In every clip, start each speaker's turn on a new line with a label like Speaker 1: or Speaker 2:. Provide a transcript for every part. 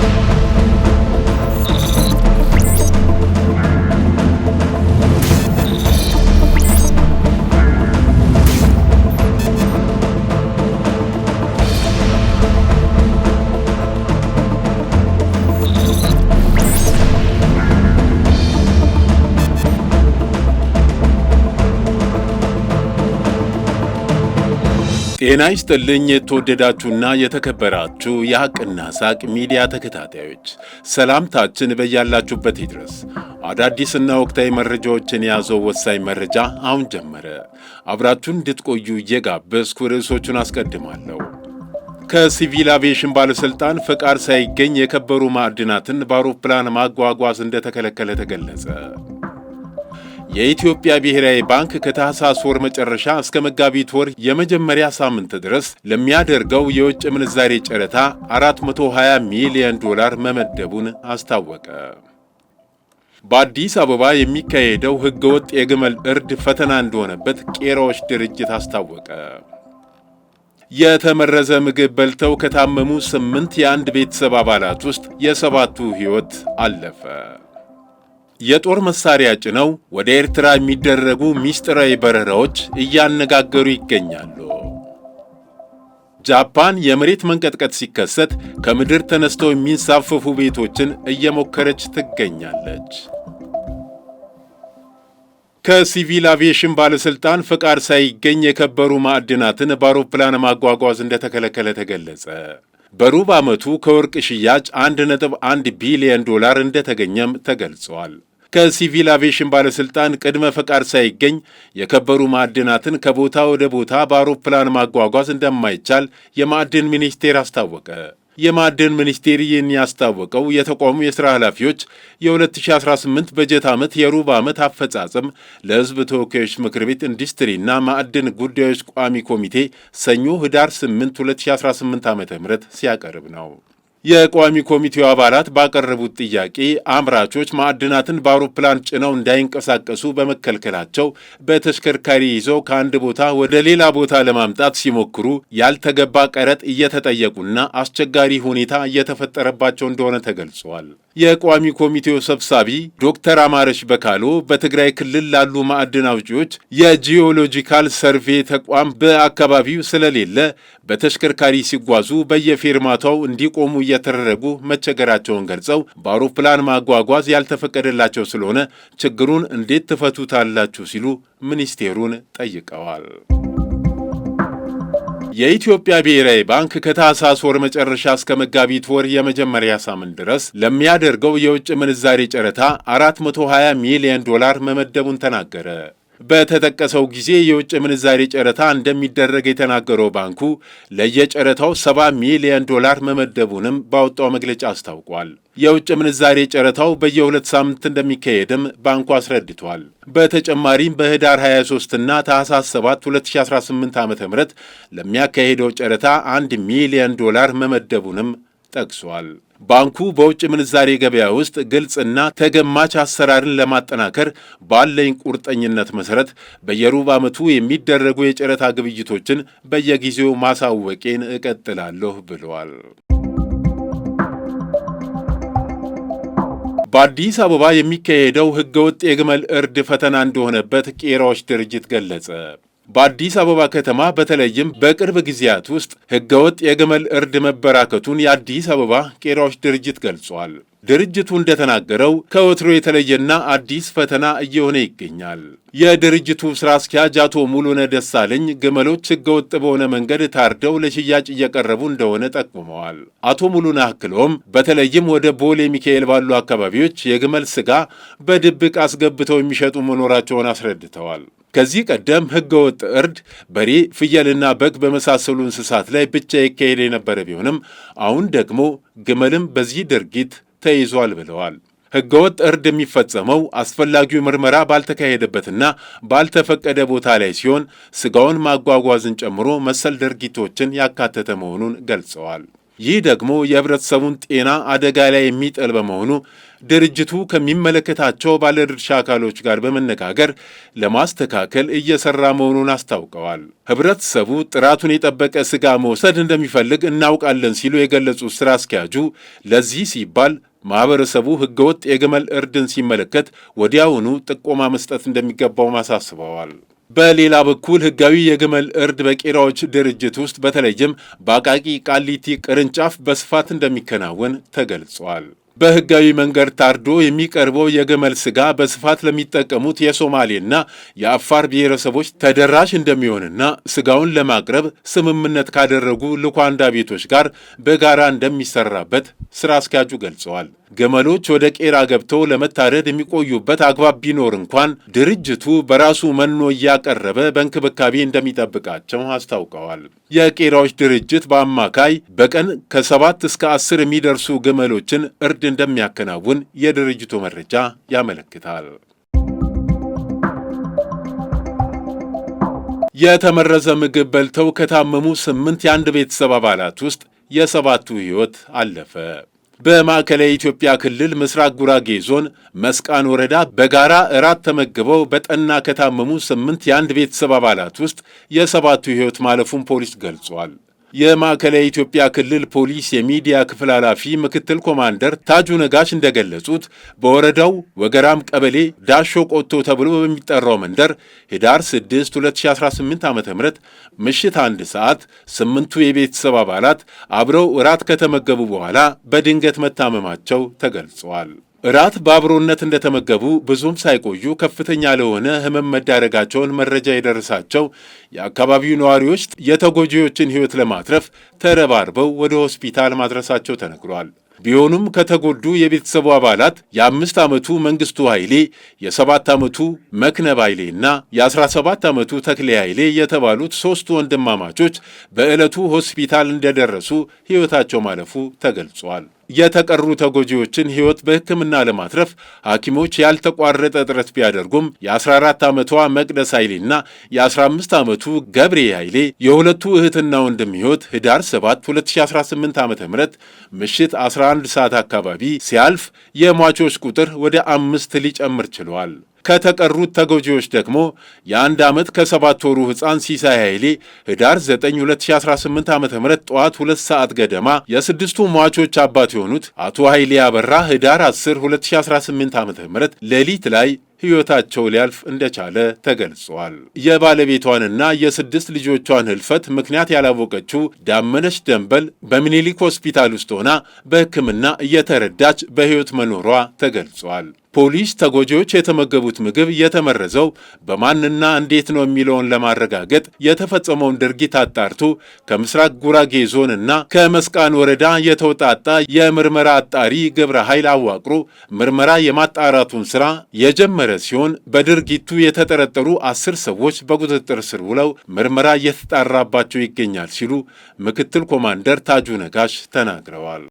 Speaker 1: Thank you. ጤና ይስጥልኝ የተወደዳችሁና የተከበራችሁ የሐቅና ሳቅ ሚዲያ ተከታታዮች፣ ሰላምታችን በያላችሁበት ይድረስ። አዳዲስና ወቅታዊ መረጃዎችን የያዘው ወሳኝ መረጃ አሁን ጀመረ። አብራችሁን እንድትቆዩ እየጋበዝኩ ርዕሶቹን አስቀድማለሁ። ከሲቪል አቪዬሽን ባለሥልጣን ፈቃድ ሳይገኝ የከበሩ ማዕድናትን በአውሮፕላን ማጓጓዝ እንደተከለከለ ተገለጸ። የኢትዮጵያ ብሔራዊ ባንክ ከታህሳስ ወር መጨረሻ እስከ መጋቢት ወር የመጀመሪያ ሳምንት ድረስ ለሚያደርገው የውጭ ምንዛሬ ጨረታ 420 ሚሊዮን ዶላር መመደቡን አስታወቀ። በአዲስ አበባ የሚካሄደው ህገወጥ የግመል እርድ ፈተና እንደሆነበት ቄራዎች ድርጅት አስታወቀ። የተመረዘ ምግብ በልተው ከታመሙ ስምንት የአንድ ቤተሰብ አባላት ውስጥ የሰባቱ ሕይወት አለፈ። የጦር መሳሪያ ጭነው ወደ ኤርትራ የሚደረጉ ሚስጥራዊ በረራዎች እያነጋገሩ ይገኛሉ። ጃፓን የመሬት መንቀጥቀጥ ሲከሰት ከምድር ተነስተው የሚንሳፈፉ ቤቶችን እየሞከረች ትገኛለች። ከሲቪል አቪዬሽን ባለሥልጣን ፈቃድ ሳይገኝ የከበሩ ማዕድናትን በአውሮፕላን ማጓጓዝ እንደተከለከለ ተገለጸ። በሩብ ዓመቱ ከወርቅ ሽያጭ 1.1 ቢሊዮን ዶላር እንደተገኘም ተገልጸዋል። ከሲቪል አቪዬሽን ባለሥልጣን ቅድመ ፈቃድ ሳይገኝ የከበሩ ማዕድናትን ከቦታ ወደ ቦታ በአውሮፕላን ማጓጓዝ እንደማይቻል የማዕድን ሚኒስቴር አስታወቀ። የማዕድን ሚኒስቴር ይህን ያስታወቀው የተቋሙ የሥራ ኃላፊዎች የ2018 በጀት ዓመት የሩብ ዓመት አፈጻጸም ለሕዝብ ተወካዮች ምክር ቤት ኢንዱስትሪና ማዕድን ጉዳዮች ቋሚ ኮሚቴ ሰኞ ህዳር 8 2018 ዓ ም ሲያቀርብ ነው። የቋሚ ኮሚቴው አባላት ባቀረቡት ጥያቄ አምራቾች ማዕድናትን በአውሮፕላን ጭነው እንዳይንቀሳቀሱ በመከልከላቸው በተሽከርካሪ ይዘው ከአንድ ቦታ ወደ ሌላ ቦታ ለማምጣት ሲሞክሩ ያልተገባ ቀረጥ እየተጠየቁና አስቸጋሪ ሁኔታ እየተፈጠረባቸው እንደሆነ ተገልጿል። የቋሚ ኮሚቴው ሰብሳቢ ዶክተር አማረሽ በካሎ በትግራይ ክልል ላሉ ማዕድን አውጪዎች የጂኦሎጂካል ሰርቬ ተቋም በአካባቢው ስለሌለ በተሽከርካሪ ሲጓዙ በየፌርማታው እንዲቆሙ እየ እንደተደረጉ መቸገራቸውን ገልጸው በአውሮፕላን ማጓጓዝ ያልተፈቀደላቸው ስለሆነ ችግሩን እንዴት ትፈቱታላችሁ ሲሉ ሚኒስቴሩን ጠይቀዋል። የኢትዮጵያ ብሔራዊ ባንክ ከታህሳስ ወር መጨረሻ እስከ መጋቢት ወር የመጀመሪያ ሳምንት ድረስ ለሚያደርገው የውጭ ምንዛሬ ጨረታ 420 ሚሊዮን ዶላር መመደቡን ተናገረ። በተጠቀሰው ጊዜ የውጭ ምንዛሬ ጨረታ እንደሚደረግ የተናገረው ባንኩ ለየጨረታው 70 ሚሊዮን ዶላር መመደቡንም ባወጣው መግለጫ አስታውቋል። የውጭ ምንዛሬ ጨረታው በየሁለት ሳምንት እንደሚካሄድም ባንኩ አስረድቷል። በተጨማሪም በህዳር 23ና ታህሳስ 7 2018 ዓ ም ለሚያካሄደው ጨረታ 1 ሚሊዮን ዶላር መመደቡንም ጠቅሷል። ባንኩ በውጭ ምንዛሬ ገበያ ውስጥ ግልጽና ተገማች አሰራርን ለማጠናከር ባለኝ ቁርጠኝነት መሰረት በየሩብ ዓመቱ የሚደረጉ የጨረታ ግብይቶችን በየጊዜው ማሳወቄን እቀጥላለሁ ብለዋል። በአዲስ አበባ የሚካሄደው ሕገወጥ የግመል እርድ ፈተና እንደሆነበት ቄራዎች ድርጅት ገለጸ። በአዲስ አበባ ከተማ በተለይም በቅርብ ጊዜያት ውስጥ ህገወጥ የግመል እርድ መበራከቱን የአዲስ አበባ ቄራዎች ድርጅት ገልጿል። ድርጅቱ እንደተናገረው ከወትሮ የተለየና አዲስ ፈተና እየሆነ ይገኛል። የድርጅቱ ስራ አስኪያጅ አቶ ሙሉነ ደሳለኝ ግመሎች ህገወጥ በሆነ መንገድ ታርደው ለሽያጭ እየቀረቡ እንደሆነ ጠቁመዋል። አቶ ሙሉነ አክሎም በተለይም ወደ ቦሌ ሚካኤል ባሉ አካባቢዎች የግመል ስጋ በድብቅ አስገብተው የሚሸጡ መኖራቸውን አስረድተዋል። ከዚህ ቀደም ህገወጥ እርድ በሬ፣ ፍየልና በግ በመሳሰሉ እንስሳት ላይ ብቻ ይካሄድ የነበረ ቢሆንም አሁን ደግሞ ግመልም በዚህ ድርጊት ተይዟል ብለዋል። ህገወጥ እርድ የሚፈጸመው አስፈላጊው ምርመራ ባልተካሄደበትና ባልተፈቀደ ቦታ ላይ ሲሆን ስጋውን ማጓጓዝን ጨምሮ መሰል ድርጊቶችን ያካተተ መሆኑን ገልጸዋል። ይህ ደግሞ የህብረተሰቡን ጤና አደጋ ላይ የሚጥል በመሆኑ ድርጅቱ ከሚመለከታቸው ባለድርሻ አካሎች ጋር በመነጋገር ለማስተካከል እየሰራ መሆኑን አስታውቀዋል። ህብረተሰቡ ጥራቱን የጠበቀ ስጋ መውሰድ እንደሚፈልግ እናውቃለን ሲሉ የገለጹት ስራ አስኪያጁ ለዚህ ሲባል ማህበረሰቡ ህገወጥ የግመል እርድን ሲመለከት ወዲያውኑ ጥቆማ መስጠት እንደሚገባውም አሳስበዋል። በሌላ በኩል ህጋዊ የግመል እርድ በቄራዎች ድርጅት ውስጥ በተለይም በአቃቂ ቃሊቲ ቅርንጫፍ በስፋት እንደሚከናወን ተገልጿል። በህጋዊ መንገድ ታርዶ የሚቀርበው የግመል ስጋ በስፋት ለሚጠቀሙት የሶማሌና የአፋር ብሔረሰቦች ተደራሽ እንደሚሆንና ስጋውን ለማቅረብ ስምምነት ካደረጉ ልኳንዳ ቤቶች ጋር በጋራ እንደሚሰራበት ስራ አስኪያጁ ገልጸዋል። ገመሎች ወደ ቄራ ገብተው ለመታረድ የሚቆዩበት አግባብ ቢኖር እንኳን ድርጅቱ በራሱ መኖ እያቀረበ በእንክብካቤ እንደሚጠብቃቸው አስታውቀዋል። የቄራዎች ድርጅት በአማካይ በቀን ከሰባት እስከ አስር የሚደርሱ ግመሎችን እርድ እንደሚያከናውን የድርጅቱ መረጃ ያመለክታል። የተመረዘ ምግብ በልተው ከታመሙ ስምንት የአንድ ቤተሰብ አባላት ውስጥ የሰባቱ ሕይወት አለፈ። በማዕከላዊ ኢትዮጵያ ክልል ምስራቅ ጉራጌ ዞን መስቃን ወረዳ በጋራ እራት ተመግበው በጠና ከታመሙ ስምንት የአንድ ቤተሰብ አባላት ውስጥ የሰባቱ ሕይወት ማለፉን ፖሊስ ገልጿል። የማዕከላዊ ኢትዮጵያ ክልል ፖሊስ የሚዲያ ክፍል ኃላፊ ምክትል ኮማንደር ታጁ ነጋሽ እንደገለጹት በወረዳው ወገራም ቀበሌ ዳሾ ቆቶ ተብሎ በሚጠራው መንደር ኅዳር 6 2018 ዓ ም ምሽት አንድ ሰዓት ስምንቱ የቤተሰብ አባላት አብረው እራት ከተመገቡ በኋላ በድንገት መታመማቸው ተገልጸዋል። እራት በአብሮነት እንደተመገቡ ብዙም ሳይቆዩ ከፍተኛ ለሆነ ህመም መዳረጋቸውን መረጃ የደረሳቸው የአካባቢው ነዋሪዎች የተጎጂዎችን ሕይወት ለማትረፍ ተረባርበው ወደ ሆስፒታል ማድረሳቸው ተነግሯል። ቢሆኑም ከተጎዱ የቤተሰቡ አባላት የአምስት ዓመቱ መንግስቱ ኃይሌ፣ የሰባት ዓመቱ መክነብ ኃይሌ እና የ17 ዓመቱ ተክሌ ኃይሌ የተባሉት ሦስቱ ወንድማማቾች በዕለቱ ሆስፒታል እንደደረሱ ሕይወታቸው ማለፉ ተገልጿል። የተቀሩ ተጎጂዎችን ሕይወት በሕክምና ለማትረፍ ሐኪሞች ያልተቋረጠ ጥረት ቢያደርጉም የ14 ዓመቷ መቅደስ ኃይሌና የ15 ዓመቱ ገብሬ ኃይሌ የሁለቱ እህትና ወንድም ሕይወት ህዳር 7 2018 ዓ ም ምሽት 11 ሰዓት አካባቢ ሲያልፍ የሟቾች ቁጥር ወደ አምስት ሊጨምር ችሏል። ከተቀሩት ተጎጂዎች ደግሞ የአንድ ዓመት ከሰባት ወሩ ሕፃን ሲሳይ ኃይሌ ህዳር 9 2018 ዓ ም ጠዋት ሁለት ሰዓት ገደማ የስድስቱ ሟቾች አባት የሆኑት አቶ ኃይሌ አበራ ህዳር 10 2018 ዓ ም ሌሊት ላይ ሕይወታቸው ሊያልፍ እንደቻለ ተገልጿል። የባለቤቷንና የስድስት ልጆቿን ህልፈት ምክንያት ያላወቀችው ዳመነች ደንበል በሚኒሊክ ሆስፒታል ውስጥ ሆና በሕክምና እየተረዳች በሕይወት መኖሯ ተገልጿል። ፖሊስ ተጎጂዎች የተመገቡት ምግብ የተመረዘው በማንና እንዴት ነው የሚለውን ለማረጋገጥ የተፈጸመውን ድርጊት አጣርቶ ከምስራቅ ጉራጌ ዞን እና ከመስቃን ወረዳ የተውጣጣ የምርመራ አጣሪ ግብረ ኃይል አዋቅሮ ምርመራ የማጣራቱን ስራ የጀመረ ሲሆን በድርጊቱ የተጠረጠሩ አስር ሰዎች በቁጥጥር ስር ውለው ምርመራ እየተጣራባቸው ይገኛል ሲሉ ምክትል ኮማንደር ታጁ ነጋሽ ተናግረዋል።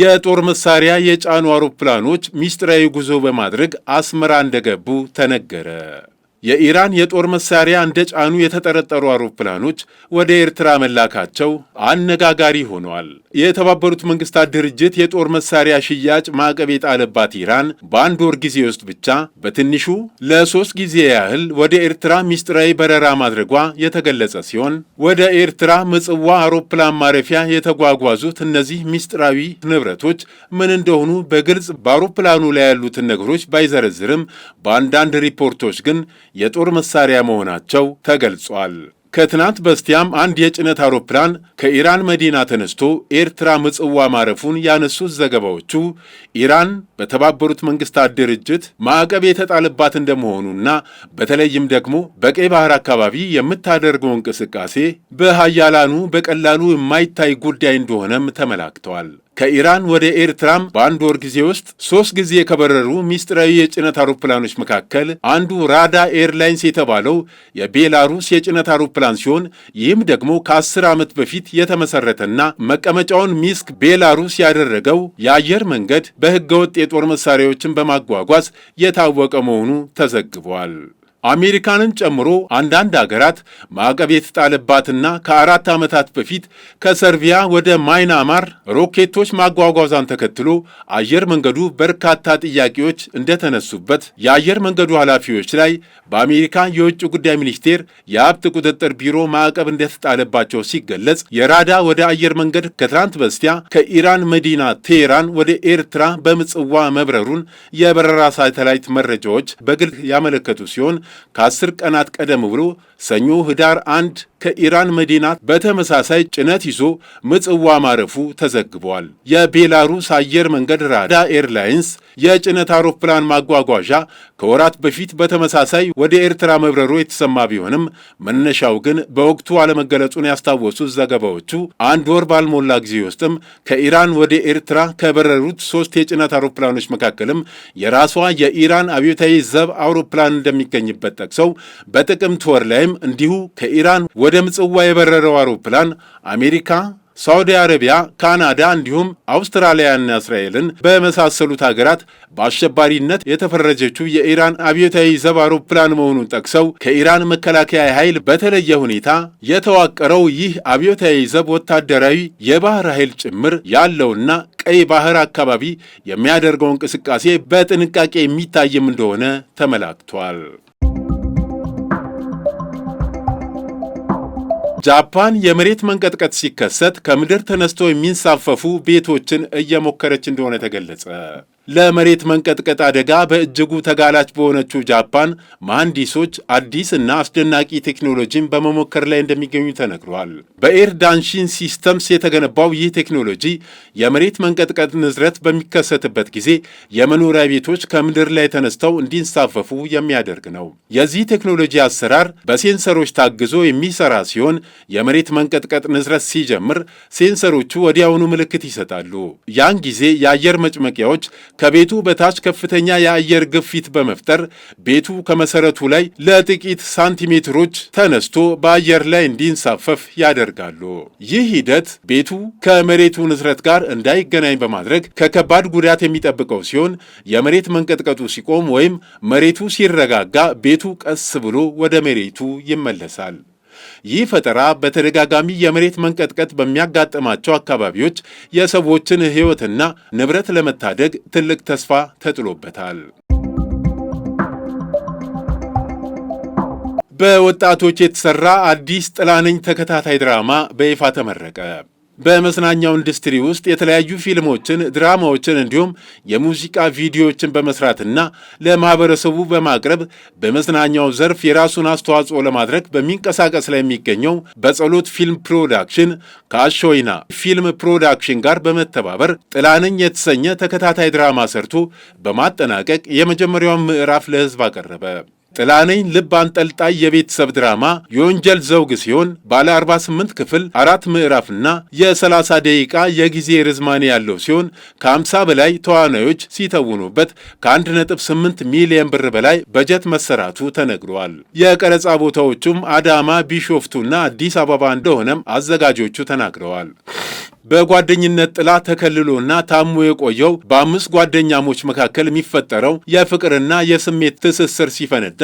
Speaker 1: የጦር መሳሪያ የጫኑ አውሮፕላኖች ሚስጥራዊ ጉዞ በማድረግ አስመራ እንደገቡ ተነገረ። የኢራን የጦር መሳሪያ እንደ ጫኑ የተጠረጠሩ አውሮፕላኖች ወደ ኤርትራ መላካቸው አነጋጋሪ ሆኗል። የተባበሩት መንግስታት ድርጅት የጦር መሳሪያ ሽያጭ ማዕቀብ የጣለባት ኢራን በአንድ ወር ጊዜ ውስጥ ብቻ በትንሹ ለሶስት ጊዜ ያህል ወደ ኤርትራ ሚስጥራዊ በረራ ማድረጓ የተገለጸ ሲሆን ወደ ኤርትራ ምጽዋ አውሮፕላን ማረፊያ የተጓጓዙት እነዚህ ሚስጥራዊ ንብረቶች ምን እንደሆኑ በግልጽ በአውሮፕላኑ ላይ ያሉትን ነገሮች ባይዘረዝርም በአንዳንድ ሪፖርቶች ግን የጦር መሳሪያ መሆናቸው ተገልጿል። ከትናንት በስቲያም አንድ የጭነት አውሮፕላን ከኢራን መዲና ተነስቶ ኤርትራ ምጽዋ ማረፉን ያነሱት ዘገባዎቹ ኢራን በተባበሩት መንግስታት ድርጅት ማዕቀብ የተጣለባት እንደመሆኑና በተለይም ደግሞ በቀይ ባህር አካባቢ የምታደርገው እንቅስቃሴ በሀያላኑ በቀላሉ የማይታይ ጉዳይ እንደሆነም ተመላክተዋል። ከኢራን ወደ ኤርትራም በአንድ ወር ጊዜ ውስጥ ሶስት ጊዜ ከበረሩ ሚስጥራዊ የጭነት አውሮፕላኖች መካከል አንዱ ራዳ ኤርላይንስ የተባለው የቤላሩስ የጭነት አውሮፕላን ሲሆን ይህም ደግሞ ከአስር ዓመት በፊት የተመሰረተና መቀመጫውን ሚስክ ቤላሩስ ያደረገው የአየር መንገድ በሕገወጥ የጦር መሳሪያዎችን በማጓጓዝ የታወቀ መሆኑ ተዘግቧል። አሜሪካንን ጨምሮ አንዳንድ አገራት ማዕቀብ የተጣለባትና ከአራት ዓመታት በፊት ከሰርቢያ ወደ ማይናማር ሮኬቶች ማጓጓዟን ተከትሎ አየር መንገዱ በርካታ ጥያቄዎች እንደተነሱበት የአየር መንገዱ ኃላፊዎች ላይ በአሜሪካ የውጭ ጉዳይ ሚኒስቴር የሀብት ቁጥጥር ቢሮ ማዕቀብ እንደተጣለባቸው ሲገለጽ፣ የራዳ ወደ አየር መንገድ ከትናንት በስቲያ ከኢራን መዲና ቴሄራን ወደ ኤርትራ በምጽዋ መብረሩን የበረራ ሳተላይት መረጃዎች በግልጽ ያመለከቱ ሲሆን ከአስር ቀናት ቀደም ብሎ ሰኞ ህዳር አንድ ከኢራን መዲና በተመሳሳይ ጭነት ይዞ ምጽዋ ማረፉ ተዘግቧል። የቤላሩስ አየር መንገድ ራዳ ኤርላይንስ የጭነት አውሮፕላን ማጓጓዣ ከወራት በፊት በተመሳሳይ ወደ ኤርትራ መብረሩ የተሰማ ቢሆንም መነሻው ግን በወቅቱ አለመገለጹን ያስታወሱት ዘገባዎቹ አንድ ወር ባልሞላ ጊዜ ውስጥም ከኢራን ወደ ኤርትራ ከበረሩት ሶስት የጭነት አውሮፕላኖች መካከልም የራሷ የኢራን አብዮታዊ ዘብ አውሮፕላን እንደሚገኝ እንደሚበት ጠቅሰው በጥቅምት ወር ላይም እንዲሁ ከኢራን ወደ ምጽዋ የበረረው አውሮፕላን አሜሪካ ሳዑዲ አረቢያ፣ ካናዳ እንዲሁም አውስትራሊያና እስራኤልን በመሳሰሉት ሀገራት በአሸባሪነት የተፈረጀችው የኢራን አብዮታዊ ዘብ አውሮፕላን መሆኑን ጠቅሰው ከኢራን መከላከያ ኃይል በተለየ ሁኔታ የተዋቀረው ይህ አብዮታዊ ዘብ ወታደራዊ የባህር ኃይል ጭምር ያለውና ቀይ ባህር አካባቢ የሚያደርገው እንቅስቃሴ በጥንቃቄ የሚታይም እንደሆነ ተመላክቷል። ጃፓን የመሬት መንቀጥቀጥ ሲከሰት ከምድር ተነስቶ የሚንሳፈፉ ቤቶችን እየሞከረች እንደሆነ ተገለጸ። ለመሬት መንቀጥቀጥ አደጋ በእጅጉ ተጋላጭ በሆነችው ጃፓን መሐንዲሶች አዲስ እና አስደናቂ ቴክኖሎጂን በመሞከር ላይ እንደሚገኙ ተነግሯል። በኤርዳንሺን ሲስተምስ የተገነባው ይህ ቴክኖሎጂ የመሬት መንቀጥቀጥ ንዝረት በሚከሰትበት ጊዜ የመኖሪያ ቤቶች ከምድር ላይ ተነስተው እንዲንሳፈፉ የሚያደርግ ነው። የዚህ ቴክኖሎጂ አሰራር በሴንሰሮች ታግዞ የሚሰራ ሲሆን የመሬት መንቀጥቀጥ ንዝረት ሲጀምር ሴንሰሮቹ ወዲያውኑ ምልክት ይሰጣሉ። ያን ጊዜ የአየር መጭመቂያዎች ከቤቱ በታች ከፍተኛ የአየር ግፊት በመፍጠር ቤቱ ከመሰረቱ ላይ ለጥቂት ሳንቲሜትሮች ተነስቶ በአየር ላይ እንዲንሳፈፍ ያደርጋሉ። ይህ ሂደት ቤቱ ከመሬቱ ንስረት ጋር እንዳይገናኝ በማድረግ ከከባድ ጉዳት የሚጠብቀው ሲሆን የመሬት መንቀጥቀጡ ሲቆም ወይም መሬቱ ሲረጋጋ ቤቱ ቀስ ብሎ ወደ መሬቱ ይመለሳል። ይህ ፈጠራ በተደጋጋሚ የመሬት መንቀጥቀጥ በሚያጋጥማቸው አካባቢዎች የሰዎችን ሕይወትና ንብረት ለመታደግ ትልቅ ተስፋ ተጥሎበታል። በወጣቶች የተሰራ አዲስ ጥላነኝ ተከታታይ ድራማ በይፋ ተመረቀ። በመዝናኛው ኢንዱስትሪ ውስጥ የተለያዩ ፊልሞችን፣ ድራማዎችን እንዲሁም የሙዚቃ ቪዲዮዎችን በመስራትና ለማህበረሰቡ በማቅረብ በመዝናኛው ዘርፍ የራሱን አስተዋጽኦ ለማድረግ በሚንቀሳቀስ ላይ የሚገኘው በጸሎት ፊልም ፕሮዳክሽን ከአሾይና ፊልም ፕሮዳክሽን ጋር በመተባበር ጥላነኝ የተሰኘ ተከታታይ ድራማ ሰርቶ በማጠናቀቅ የመጀመሪያውን ምዕራፍ ለህዝብ አቀረበ። ጥላነኝ ልብ አንጠልጣይ የቤተሰብ ድራማ የወንጀል ዘውግ ሲሆን ባለ 48 ክፍል አራት ምዕራፍና የ30 ደቂቃ የጊዜ ርዝማኔ ያለው ሲሆን ከ50 በላይ ተዋናዮች ሲተውኑበት ከ1.8 ሚሊየን ብር በላይ በጀት መሰራቱ ተነግሯል። የቀረጻ ቦታዎቹም አዳማ፣ ቢሾፍቱና አዲስ አበባ እንደሆነም አዘጋጆቹ ተናግረዋል። በጓደኝነት ጥላ ተከልሎና ታሞ የቆየው በአምስት ጓደኛሞች መካከል የሚፈጠረው የፍቅርና የስሜት ትስስር ሲፈነዳ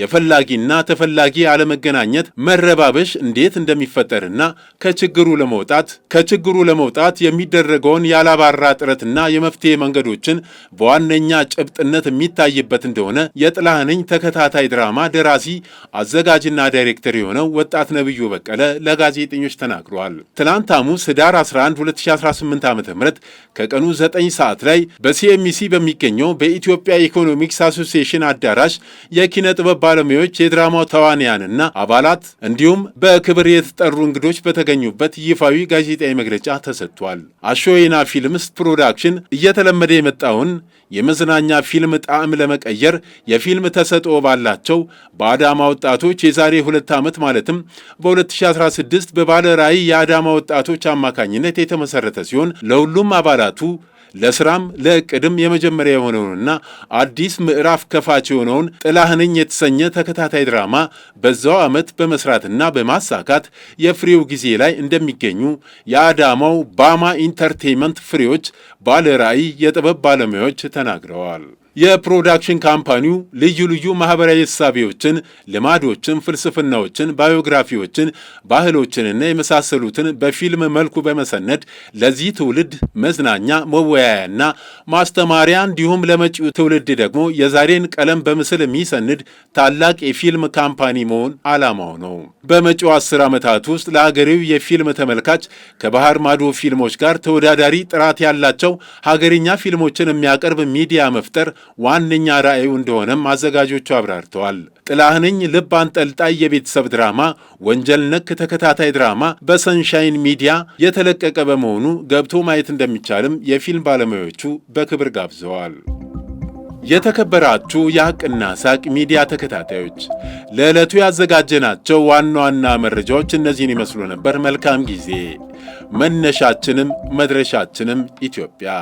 Speaker 1: የፈላጊና ተፈላጊ አለመገናኘት መረባበሽ እንዴት እንደሚፈጠርና ከችግሩ ለመውጣት ከችግሩ ለመውጣት የሚደረገውን ያላባራ ጥረትና የመፍትሄ መንገዶችን በዋነኛ ጭብጥነት የሚታይበት እንደሆነ የጥላህንኝ ተከታታይ ድራማ ደራሲ አዘጋጅና ዳይሬክተር የሆነው ወጣት ነብዩ በቀለ ለጋዜጠኞች ተናግረዋል። ትናንት ሐሙስ ህዳር 11 2018 ዓ ም ከቀኑ 9 ሰዓት ላይ በሲኤምሲ በሚገኘው በኢትዮጵያ ኢኮኖሚክስ አሶሲሽን አዳራሽ የኪነ ጥበብ ባለሙያዎች የድራማው ተዋንያንና አባላት እንዲሁም በክብር የተጠሩ እንግዶች በተገኙበት ይፋዊ ጋዜጣዊ መግለጫ ተሰጥቷል። አሾይና ፊልምስ ፕሮዳክሽን እየተለመደ የመጣውን የመዝናኛ ፊልም ጣዕም ለመቀየር የፊልም ተሰጥኦ ባላቸው በአዳማ ወጣቶች የዛሬ ሁለት ዓመት ማለትም በ2016 በባለ ራዕይ የአዳማ ወጣቶች አማካኝነት የተመሰረተ ሲሆን ለሁሉም አባላቱ ለስራም ለእቅድም የመጀመሪያ የሆነውንና አዲስ ምዕራፍ ከፋች የሆነውን ጥላህንኝ የተሰኘ ተከታታይ ድራማ በዛው ዓመት በመስራትና በማሳካት የፍሬው ጊዜ ላይ እንደሚገኙ የአዳማው ባማ ኢንተርቴንመንት ፍሬዎች ባለ ራዕይ የጥበብ ባለሙያዎች ተናግረዋል። የፕሮዳክሽን ካምፓኒው ልዩ ልዩ ማህበራዊ እሳቤዎችን፣ ልማዶችን፣ ፍልስፍናዎችን፣ ባዮግራፊዎችን፣ ባህሎችንና የመሳሰሉትን በፊልም መልኩ በመሰነድ ለዚህ ትውልድ መዝናኛ፣ መወያያና ማስተማሪያ እንዲሁም ለመጪው ትውልድ ደግሞ የዛሬን ቀለም በምስል የሚሰንድ ታላቅ የፊልም ካምፓኒ መሆን ዓላማው ነው። በመጪው አስር ዓመታት ውስጥ ለሀገሬው የፊልም ተመልካች ከባህር ማዶ ፊልሞች ጋር ተወዳዳሪ ጥራት ያላቸው ሀገርኛ ፊልሞችን የሚያቀርብ ሚዲያ መፍጠር ዋነኛ ራዕዩ እንደሆነም አዘጋጆቹ አብራርተዋል። ጥላህንኝ ልብ አንጠልጣይ የቤተሰብ ድራማ ወንጀል ነክ ተከታታይ ድራማ በሰንሻይን ሚዲያ የተለቀቀ በመሆኑ ገብቶ ማየት እንደሚቻልም የፊልም ባለሙያዎቹ በክብር ጋብዘዋል። የተከበራችሁ የሐቅና ሳቅ ሚዲያ ተከታታዮች ለዕለቱ ያዘጋጀናቸው ዋና ዋና መረጃዎች እነዚህን ይመስሉ ነበር። መልካም ጊዜ። መነሻችንም መድረሻችንም ኢትዮጵያ።